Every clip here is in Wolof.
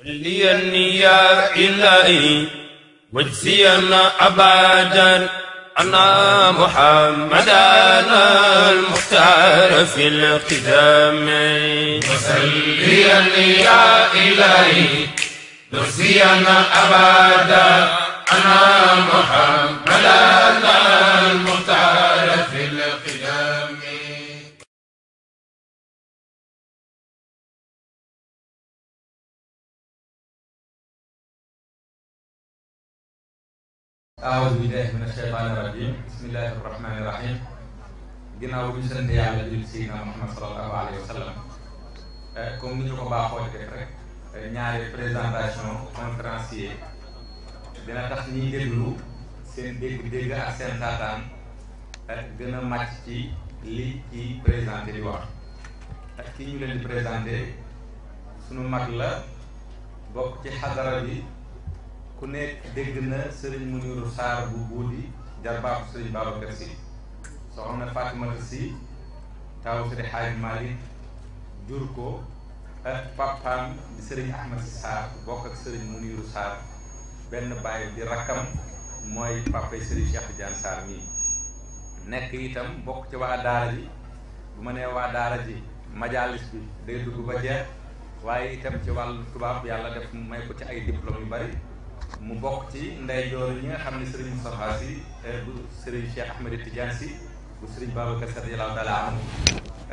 سلي النية إلهي واجزينا أبدا أنا محمدا المختار في القدام وسلي النية إلهي واجزينا أبدا أنا أنا aawuzu billaahi min asheytaani rajiim bismillaahi rahmaani rahiim ginnaaw bu ñu sant yàlla jul Seydina Muhammad sallallahu alayhi wa sallam eh, ni ko baaxoo def rek eh, ñaari présentation conférencier dina tax ñiy déglu seen dégg-dégg ak seen taataan eh, gën a màcc ci li ci présenté di wax ak ñu leen di présenté sunu mag la bokk ci xadara bi ku nekk dégg na sëriñ Muniru Saar bu buudi jarbaab sëriñ Babacar Si soxna Fatimata Si taaw sëriñ Xaaji Malik jur ko ak di sëriñ Ahmad Si Saar bokk ak sëriñ Muniru Saar benn bàyyi di rakkam mooy papay sëriñ Cheikh Jaan Saar mii nekk itam bokk ci waa daara ji bu ma nee waa daara ji majalis bi day dugg ba jeex waaye itam ci wàll tubaab yàlla def may ko ci ay diplôme yu bari mu bokk ci ndeyjoor ñi nga xam ne Serigne Moustapha Sy eh, bu Serigne Cheikh Ahmed Tidiane si bu Serigne Babacar Sy radiyallahu taala anhu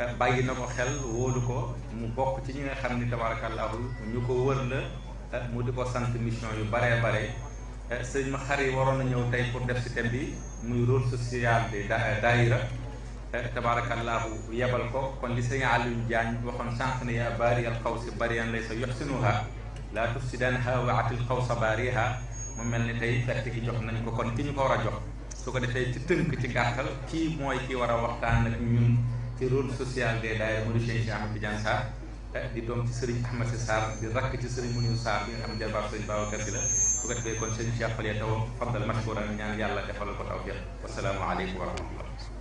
eh, bàyyi na ko xel wóolu ko mu bokk ci ñi nga xam ni tabarakallahu ñu ko wër la eh, mu di ko sant mission yu baree bare sëñ ma xar yi waroon na ñëw tey pour def si thème bi muy rôle social de daayira tabarakallahu yebal ko kon li sëñ Aliou Diagne waxoon sànq ne yaa baari al xaw si bariyan lay sa yox sinuha laa tufsidanha wa atil xawsa baariha mu mel ni tey fett gi jox nañ ko kon ki ñu ko war a jox su ko defee ci tënk ci gàttal kii mooy ki war a waxtaan ak ñun ci rôle social de daayira mu di a Ahmed Tidiane Sarr eh, di doom ci sëriñ Ahmed Sy Sarr di rakk ci sëriñ Mouniou Sarr bi nga xam ne jabaab sëriñ Babacar Sy la su ko defee kon sëriñ Cheikh Fall ya taw fadal mashkuran ñaan yàlla defal ko tawfiq wasalaamu aleykum wa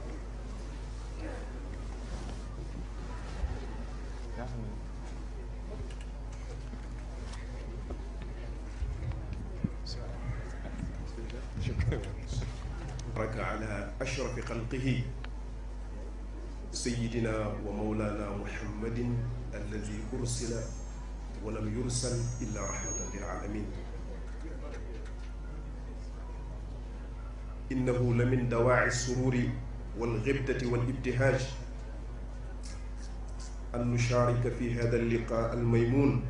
ركع على أشرف خلقه سيدنا ومولانا محمد الذي أرسل ولم يرسل إلا رحمة للعالمين إنه لمن دواعي السرور والغبدة والابتهاج أن نشارك في هذا اللقاء الميمون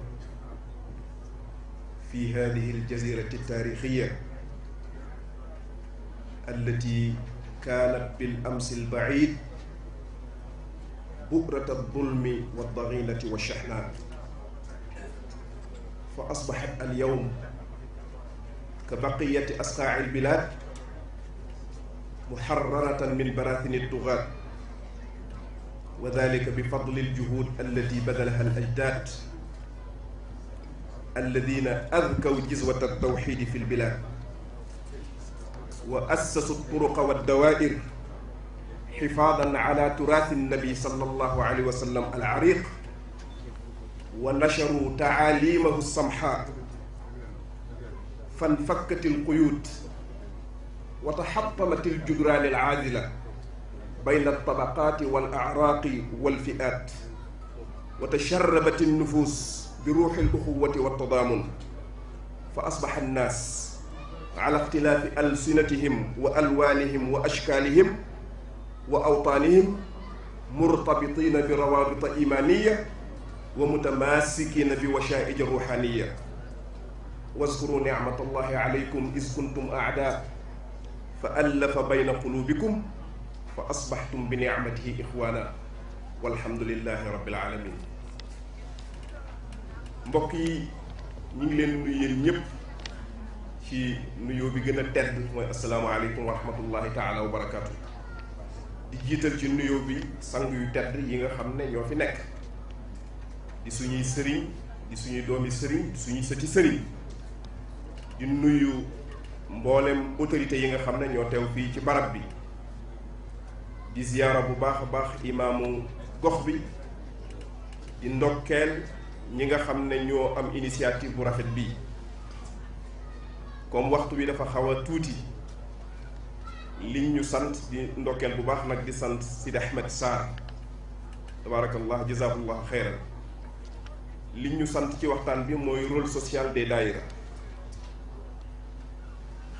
في هذه الجزيرة التاريخية التي كانت بالأمس البعيد بؤرة الظلم والضغينة والشحناء فأصبحت اليوم كبقية أصقاع البلاد محررة من براثن الطغاة وذلك بفضل الجهود التي بذلها الأجداد الذين أذكوا جزوة التوحيد في البلاد وأسسوا الطرق والدوائر حفاظا على تراث النبي صلى الله عليه وسلم العريق ونشروا تعاليمه السمحاء فانفكت القيود وتحطمت الجدران العادلة بين الطبقات والأعراق والفئات وتشربت النفوس بروح الأخوة والتضامن فأصبح الناس على اختلاف ألسنتهم وألوانهم وأشكالهم وأوطانهم مرتبطين بروابط إيمانية ومتماسكين بوشائج روحانية واذكروا نعمة الله عليكم إذ كنتم أعداء فألف بين قلوبكم فأصبحتم بنعمته إخوانا والحمد لله رب العالمين بقي yi ñu ci nuyoo bi gën a tedd mooy asalaamaaleykum wa rahmatullahi taala wa barakaatu. di jiital ci nuyo bi sang yu tedd yi nga xam ne ñoo fi nekk di suñuy sëriñ di suñuy doomi sëriñ di suñuy sëti sëriñ di nuyu mboolem autorités yi nga xam ne ñoo teew fii ci barab bi di ziyaara bu baax a baax imaamu gox bi di ndokkeel ñi nga xam ne ñoo am initiative bu rafet bii comme waxtu wi dafa xaw a tuuti li ñu sant di ndokkeel bu baax nag di sant Sidi Ahmed Sarr tabaarakallah jazakallah xeyran li ñu sant ci waxtaan bi mooy rôle social des daayira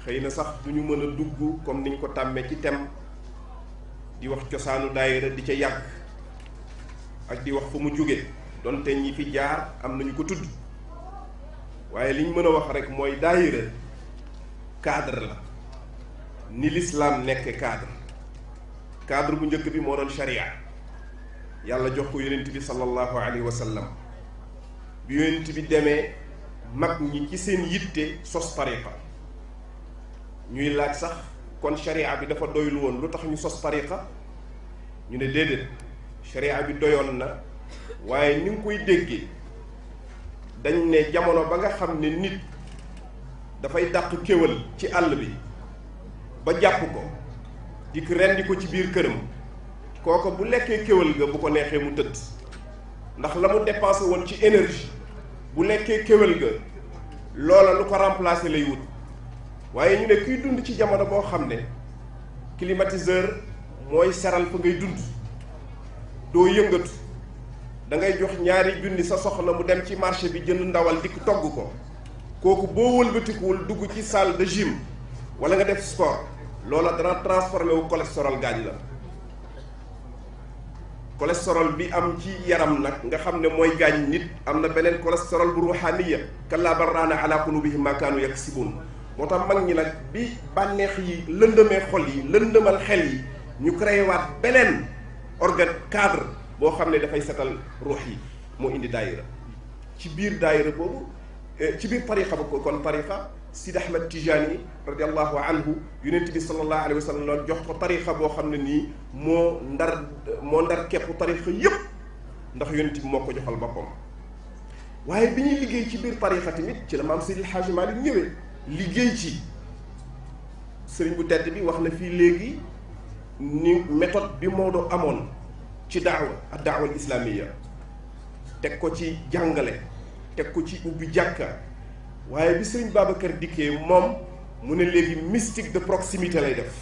xëy na sax du ñu mën a dugg comme niñ ko tàmmee ci tem di wax cosaanu daayira di ca yàgg ak di wax fu mu jóge donte ñi fi jaar am nañu ko tudd waaye liñ mën a wax rek mooy daayira cadre la ni l'islam nekk cadre cadre bu njëkk bi moo doon sharia yàlla jox ko yonent bi sallallahu alayhi wa sallam bi yonent bi demee mag ñi ci seen yitte sos tariqa ñuy laaj sax kon sharia bi dafa doyul woon lu tax ñu sos tariqa ñu ne déedéet sharia bi doyoon na waaye ñu nga koy déggee dañ ne jamono ba nga xam ne nit dafay dàq kéwal ci àll bi ba jàpp ko dikk rendi ko ci biir këram kooko bu lekkee kéwal ga bu ko neexee mu tëdd ndax la mu dépensé woon ci énergie bu lekkee kéwal ga loola lu ko remplacer lay wut waaye ñu ne kuy dund ci jamono boo xam ne climatiseur mooy seral fa ngay dund doo yëngatu dangay jox ñaari junni sa soxla mu dem ci marché bi jënd ndawal dikk togg ko kooku boo wëlbatikuwul dugg ci salle de gym wala nga def sport loola dana transformer wu cholestérol gaañ la cholestérol bi am ci yaram nag nga xam ne mooy gaañ nit am na beneen cholestérol bu ruhaniya kala bal ala qulubihim ma kanu yaksibun yaksibuun moo tax mag ñi nag bi bànneex yi lëndëmee xol yi lëndëmal xel yi ñu créé waat beneen organe cadre boo xam ne dafay setal ruux yi moo indi daayira ci biir daayira boobu ci biir tariqa ba kon tariqa Sid Ahmed Tijani radiallahu anhu yonent bi sallallahu alayhi wa sallam loolu jox ko tariqa boo xam ne nii moo ndar moo ndar képp tariqa yëpp ndax yonent bi moo ko joxal boppam waaye bi ñuy liggéey ci biir tariqa tamit ci la maam Seydil Hadji Malick ñëwee liggéey ci sëriñ bu tedd bi wax na fii léegi ni méthode bi Maodo amoon ci daawa ak daawal islamiya teg ko ci jàngale teg ko ci ubbi jàkka waaye bi sëriñ Babacar dikkee moom mu ne léegi mystique de proximité lay def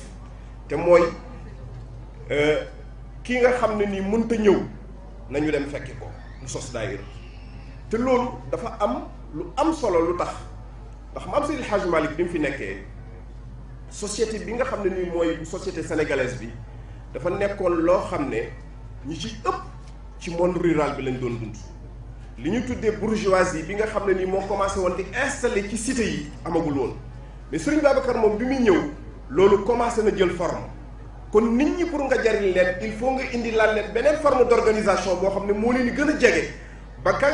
te mooy euh, ki nga xam ne nii mënta ñëw nañu dem fekki ko mu sos daayira te loolu dafa am lu am solo lu tax ndax maam Seydi El Hadj bi mu fi nekkee société bi nga xam ne nii mooy société sénégalaise bi dafa nekkoon loo xam ne ñi ci ëpp ci monde rural bi lañ doon dund li ñu tuddee bourgeoisie bi nga xam ne nii moo commencé woon di installé ci cité yi amagul woon mais Serigne Babacar moom bi muy ñëw loolu commencé na jël forme kon nit ñi pour nga jariñ leen il faut nga indi laal leen beneen forme d'organisation boo xam ne moo leen di gën a jege ba ka